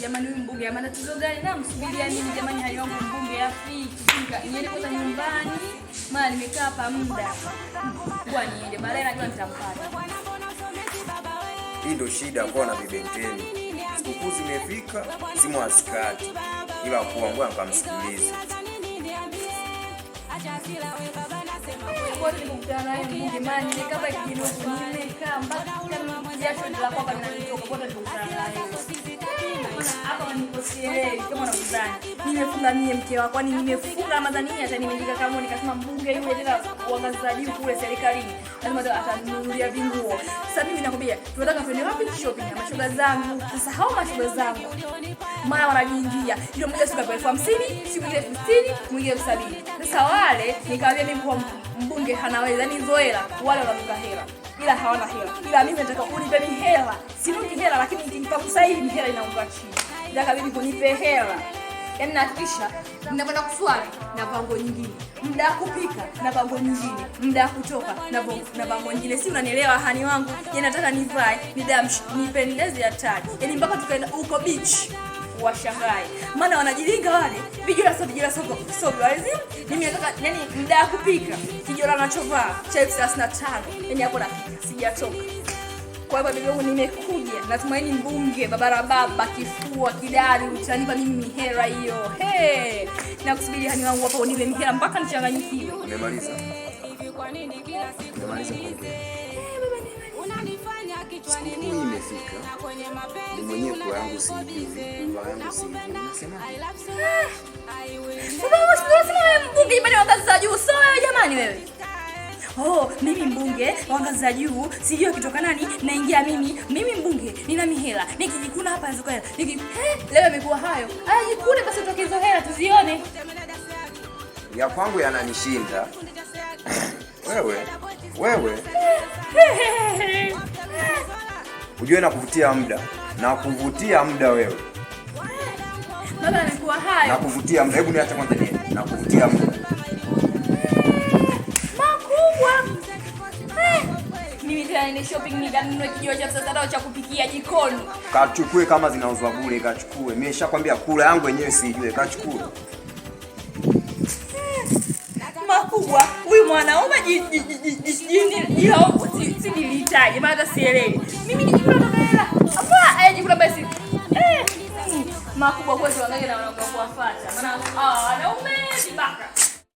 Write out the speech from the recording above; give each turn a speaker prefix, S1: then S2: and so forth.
S1: Jamani, huyu mbunge ana tatizo gani? Na msibilia nini jamani? Hali yangu mbunge afiki, niende kwanza nyumbani, maana nimekaa hapa muda kwa niende, baadaye najua nitampata.
S2: Hii ndio shida kwa na bibenteni, sikukuu zimefika, simu asikati, ila kwa ngoja nikamsikilize
S1: sielewi kama unakutana. Nimefunga mie mke wako, kwani nimefunga madhania hata nimeandika kama nikasema mbunge yule tena uangaza juu kule serikalini. Lazima ndio atanunulia vinguo. Sasa mimi nakwambia, tunataka twende wapi shopping na mashoga zangu. Sasa hao mashoga zangu mara wanajiingia. Ndio mmoja siku kwa elfu hamsini, siku ile elfu sitini, mwingine elfu sabini. Sasa wale nikawaambia mimi kwa mbunge hanaweza ni zoela, wale wanavuka hela ila hawana hela, ila mimi nataka unipeni hela. Sinuki hela, lakini nikikupa sasa hivi hela inaunga chini. Dada bibi kunipe hela. Yaani nahakikisha ninakwenda kuswali na bango nyingine. Muda wa kupika na bango nyingine. Muda wa kutoka na bango na bango nyingine. Si unanielewa hani wangu? Yaani nataka nivae, nidamshi, nipendeze ya tatu. Yaani mpaka tukaenda huko beach wa Shanghai. Maana wanajilinga wale. Vijora sio vijora sio sio wazimu. Mimi nataka yani muda wa kupika. Kijora anachovaa cha 35. Yaani hapo napika. Sijatoka. Kwa hapa kidogo nimekuja, natumaini mbunge babarababa kifua kidari utanipa mimi mihera hiyo. Hey, na kusubiri hani wangu hapa unipe mihera mpaka nichanganyikiwe.
S2: Nimemaliza. kwa kwa ah! mbunge
S1: ibada wa za juu. So wewe jamani, wewe oh, mimi mbunge wa ngazi za juu, sijui kitoka nani, naingia mimi, mimi mbunge nina mihela, nikijikuna hapa nazuka hela niki he, leo imekuwa hayo. Ajikune basi utoke hizo hela tuzione.
S2: Ya kwangu yananishinda wewe, wewe ujue na kuvutia muda na kuvutia muda wewe
S1: Baba, nikuwa hayo.
S2: Na kuvutia muda. Hebu niache kwanza nini? Na kuvutia muda.
S1: aende shopping ni nikanunue kijiko cha msasatao cha kupikia jikoni.
S2: Kachukue kama zinauzwa bure, kachukue. Mimi nishakwambia kula yangu yenyewe sijue, kachukue.
S1: Makubwa, huyu mwanaume sinilihitaji, maana sielewi. Mimi nikikula kama hela. Hapana, ajikula basi. Eh. eh hmm. Makubwa kwetu wangana na wanakufuata. Maana ah, wanaume ni baka.